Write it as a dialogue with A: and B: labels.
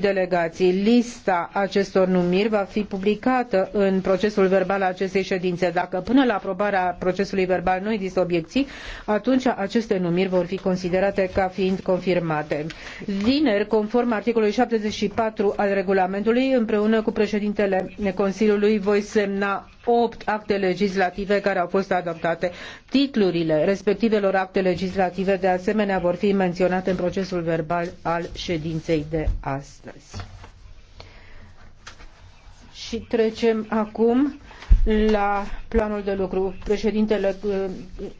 A: delegații. Lista acestor numiri va fi publicată în procesul verbal al acestei ședințe. Dacă până la aprobarea procesului verbal nu există obiecții, atunci aceste numiri vor fi considerate ca fiind confirmate. Vineri, conform articolului 74 al regulamentului, împreună cu președintele Consiliului voi semna Opt acte legislative care au fost adoptate. Titlurile respectivelor acte legislative de asemenea vor fi menționate în procesul verbal al ședinței de astăzi. Și trecem acum la planul de lucru. Președintele